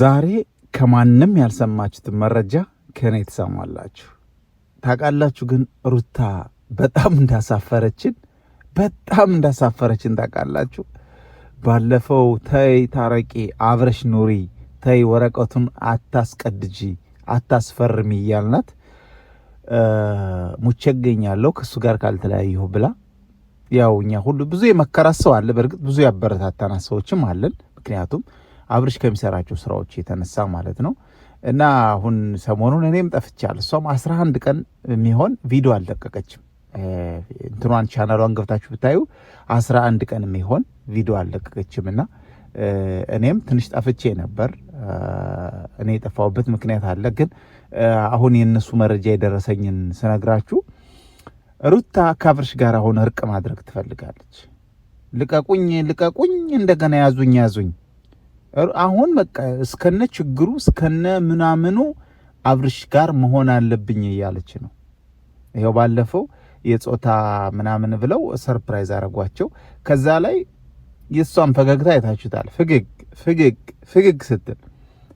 ዛሬ ከማንም ያልሰማችሁትን መረጃ ከእኔ ትሰማላችሁ። ታውቃላችሁ ግን ሩታ በጣም እንዳሳፈረችን በጣም እንዳሳፈረችን ታውቃላችሁ። ባለፈው ተይ ታረቂ፣ አብረሽ ኑሪ፣ ተይ ወረቀቱን አታስቀድጂ፣ አታስፈርሚ እያልናት ሙቼ እገኛለሁ ከእሱ ጋር ካልተለያየሁ ብላ ያው እኛ ሁሉ ብዙ የመከራት ሰው አለ። በእርግጥ ብዙ ያበረታታናት ሰዎችም አለን። ምክንያቱም አብርሽ ከሚሰራቸው ስራዎች የተነሳ ማለት ነው። እና አሁን ሰሞኑን እኔም ጠፍቻለሁ። እሷም አስራ አንድ ቀን የሚሆን ቪዲዮ አልለቀቀችም። እንትኗን ቻናሏን ገብታችሁ ብታዩ አስራ አንድ ቀን የሚሆን ቪዲዮ አልለቀቀችም። እና እኔም ትንሽ ጠፍቼ ነበር። እኔ የጠፋሁበት ምክንያት አለ። ግን አሁን የእነሱ መረጃ የደረሰኝን ስነግራችሁ ሩታ ከአብርሽ ጋር አሁን እርቅ ማድረግ ትፈልጋለች። ልቀቁኝ ልቀቁኝ፣ እንደገና ያዙኝ ያዙኝ አሁን በቃ እስከነ ችግሩ እስከነ ምናምኑ አብርሽ ጋር መሆን አለብኝ እያለች ነው። ይኸው ባለፈው የጾታ ምናምን ብለው ሰርፕራይዝ አረጓቸው። ከዛ ላይ የእሷን ፈገግታ አይታችሁታል። ፍግግ ፍግግ ፍግግ ስትል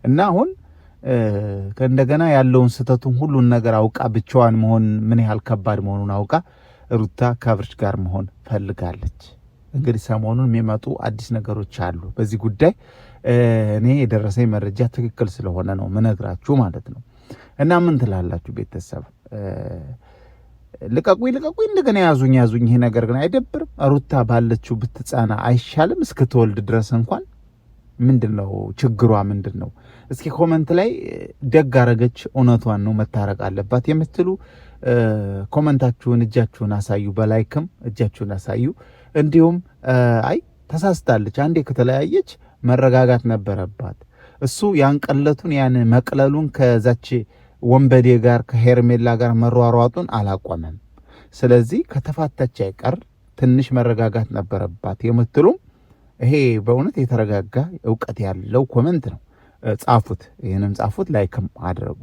እና አሁን ከእንደገና ያለውን ስህተቱን ሁሉን ነገር አውቃ ብቻዋን መሆን ምን ያህል ከባድ መሆኑን አውቃ ሩታ ከአብርሽ ጋር መሆን ፈልጋለች። እንግዲህ ሰሞኑን የሚመጡ አዲስ ነገሮች አሉ። በዚህ ጉዳይ እኔ የደረሰኝ መረጃ ትክክል ስለሆነ ነው ምነግራችሁ ማለት ነው። እና ምን ትላላችሁ ቤተሰብ? ልቀቁኝ ልቀቁኝ፣ እንደገና ያዙኝ ያዙኝ። ይሄ ነገር ግን አይደብርም? ሩታ ባለችው ብትጻና አይሻልም? እስክትወልድ ድረስ እንኳን ምንድን ነው ችግሯ? ምንድን ነው? እስኪ ኮመንት ላይ ደግ አረገች፣ እውነቷን ነው፣ መታረቅ አለባት የምትሉ ኮመንታችሁን እጃችሁን አሳዩ፣ በላይክም እጃችሁን አሳዩ። እንዲሁም አይ ተሳስታለች፣ አንዴ ከተለያየች መረጋጋት ነበረባት፣ እሱ ያንቀለቱን ያን መቅለሉን ከዛች ወንበዴ ጋር ከሄርሜላ ጋር መሯሯጡን አላቆመም። ስለዚህ ከተፋታች አይቀር ትንሽ መረጋጋት ነበረባት የምትሉም ይሄ በእውነት የተረጋጋ እውቀት ያለው ኮመንት ነው። ጻፉት፣ ይህንም ጻፉት፣ ላይክም አድርጉ።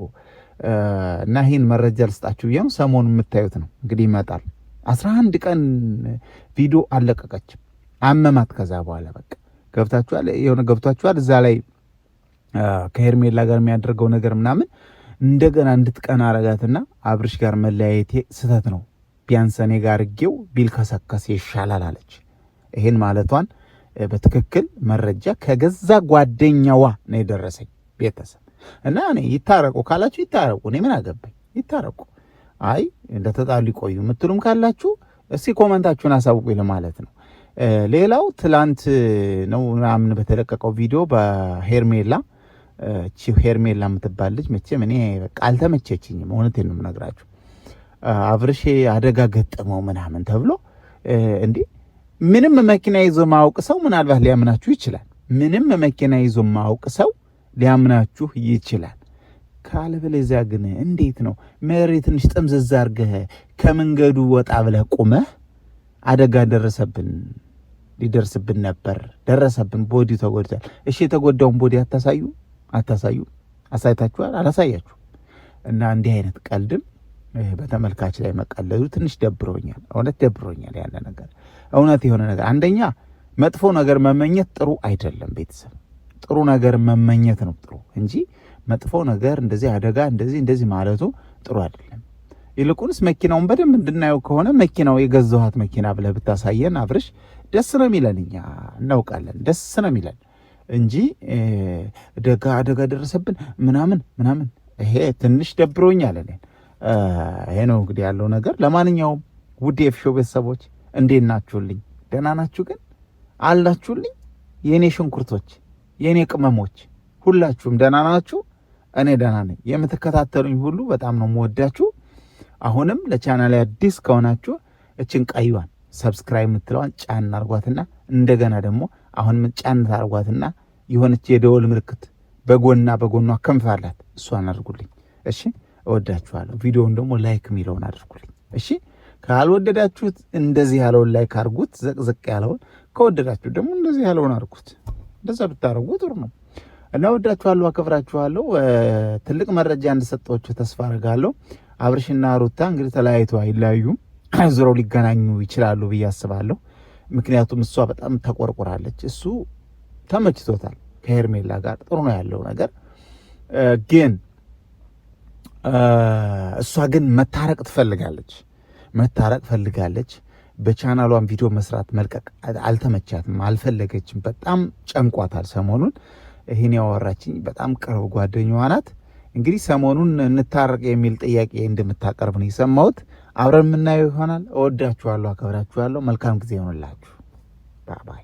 እና ይህን መረጃ ልስጣችሁ ብዬ ነው። ሰሞኑ የምታዩት ነው እንግዲህ ይመጣል። አስራ አንድ ቀን ቪዲዮ አለቀቀችም። አመማት። ከዛ በኋላ በቃ ገብታችኋል፣ የሆነ ገብቷችኋል። እዛ ላይ ከሄርሜላ ጋር የሚያደርገው ነገር ምናምን እንደገና እንድትቀና አረጋትና አብርሽ ጋር መለያየቴ ስህተት ነው ቢያንስ እኔ ጋር እጌው ቢል ይሻላል አለች። ይህን ማለቷን በትክክል መረጃ ከገዛ ጓደኛዋ ነው የደረሰኝ ቤተሰብ እና እኔ ይታረቁ ካላችሁ ይታረቁ፣ እኔ ምን አገባኝ፣ ይታረቁ። አይ እንደተጣሉ ይቆዩ የምትሉም ካላችሁ እስቲ ኮመንታችሁን አሳውቁ ማለት ነው። ሌላው ትላንት ነው ምናምን በተለቀቀው ቪዲዮ በሄርሜላ እቺ ሄርሜላ የምትባል ልጅ መቼም እኔ በቃ አልተመቸችኝም። እውነቴን ነው የምነግራችሁ። አብርሼ አደጋ ገጠመው ምናምን ተብሎ እንዲህ ምንም መኪና ይዞ ማውቅ ሰው ምናልባት ሊያምናችሁ ይችላል። ምንም መኪና ይዞ ማውቅ ሰው ሊያምናችሁ ይችላል። ካለበለዚያ ግን እንዴት ነው መሬት ትንሽ ጠምዘዝ ከመንገዱ ወጣ ብለህ ቁመህ አደጋ ደረሰብን ሊደርስብን ነበር ደረሰብን፣ ቦዲ ተጎድቷል። እሺ የተጎዳውን ቦዲ አታሳዩ አታሳዩ አሳይታችኋል አላሳያችሁ እና እንዲህ አይነት ቀልድም በተመልካች ላይ መቀለዱ ትንሽ ደብሮኛል። እውነት ደብሮኛል ያለ ነገር እውነት የሆነ ነገር አንደኛ መጥፎ ነገር መመኘት ጥሩ አይደለም ቤተሰብ ጥሩ ነገር መመኘት ነው ጥሩ እንጂ መጥፎ ነገር እንደዚህ አደጋ እንደዚህ እንደዚህ ማለቱ ጥሩ አይደለም። ይልቁንስ መኪናውን በደንብ እንድናየው ከሆነ መኪናው የገዛኋት መኪና ብለህ ብታሳየን አብርሽ ደስ ነው የሚለን፣ እኛ እናውቃለን፣ ደስ ነው የሚለን እንጂ ደጋ አደጋ ደረሰብን ምናምን ምናምን፣ ይሄ ትንሽ ደብሮኛል እኔን። ይሄ ነው እንግዲህ ያለው ነገር። ለማንኛውም ውድ የፍሾ ቤተሰቦች እንዴት ናችሁልኝ? ደህና ናችሁ ግን አላችሁልኝ የእኔ ሽንኩርቶች የእኔ ቅመሞች ሁላችሁም ደህና ናችሁ? እኔ ደህና ነኝ። የምትከታተሉኝ ሁሉ በጣም ነው የምወዳችሁ። አሁንም ለቻናል አዲስ ከሆናችሁ እችን ቀይዋን ሰብስክራይብ የምትለዋን ጫን አርጓትና እንደገና ደግሞ አሁንም ጫን አርጓትና የሆነች የደወል ምልክት በጎና በጎኗ ክንፍ አላት እሷን አድርጉልኝ። እሺ፣ እወዳችኋለሁ። ቪዲዮውን ደግሞ ላይክ የሚለውን አድርጉልኝ። እሺ፣ ካልወደዳችሁት እንደዚህ ያለውን ላይክ አድርጉት፣ ዘቅዘቅ ያለውን ከወደዳችሁ ደግሞ እንደዚህ ያለውን አድርጉት። እንደዛ ብታረጉ ጥሩ ነው እና ወዳችኋለሁ፣ አከብራችኋለሁ። ትልቅ መረጃ እንደሰጣችሁ ተስፋ አደርጋለሁ። አብርሽና ሩታ እንግዲህ ተለያይቶ አይለያዩም፣ ዞረው ሊገናኙ ይችላሉ ብዬ አስባለሁ። ምክንያቱም እሷ በጣም ተቆርቁራለች፣ እሱ ተመችቶታል። ከሄርሜላ ጋር ጥሩ ነው ያለው ነገር ግን እሷ ግን መታረቅ ትፈልጋለች፣ መታረቅ ፈልጋለች። በቻናሏን ቪዲዮ መስራት መልቀቅ አልተመቻትም፣ አልፈለገችም። በጣም ጨንቋታል። ሰሞኑን ይህን ያወራችኝ በጣም ቅርብ ጓደኛዋ ናት። እንግዲህ ሰሞኑን እንታረቅ የሚል ጥያቄ እንደምታቀርብ ነው የሰማሁት። አብረን የምናየው ይሆናል። እወዳችኋለሁ፣ አከብራችኋለሁ። መልካም ጊዜ ይሆንላችሁ። ባባይ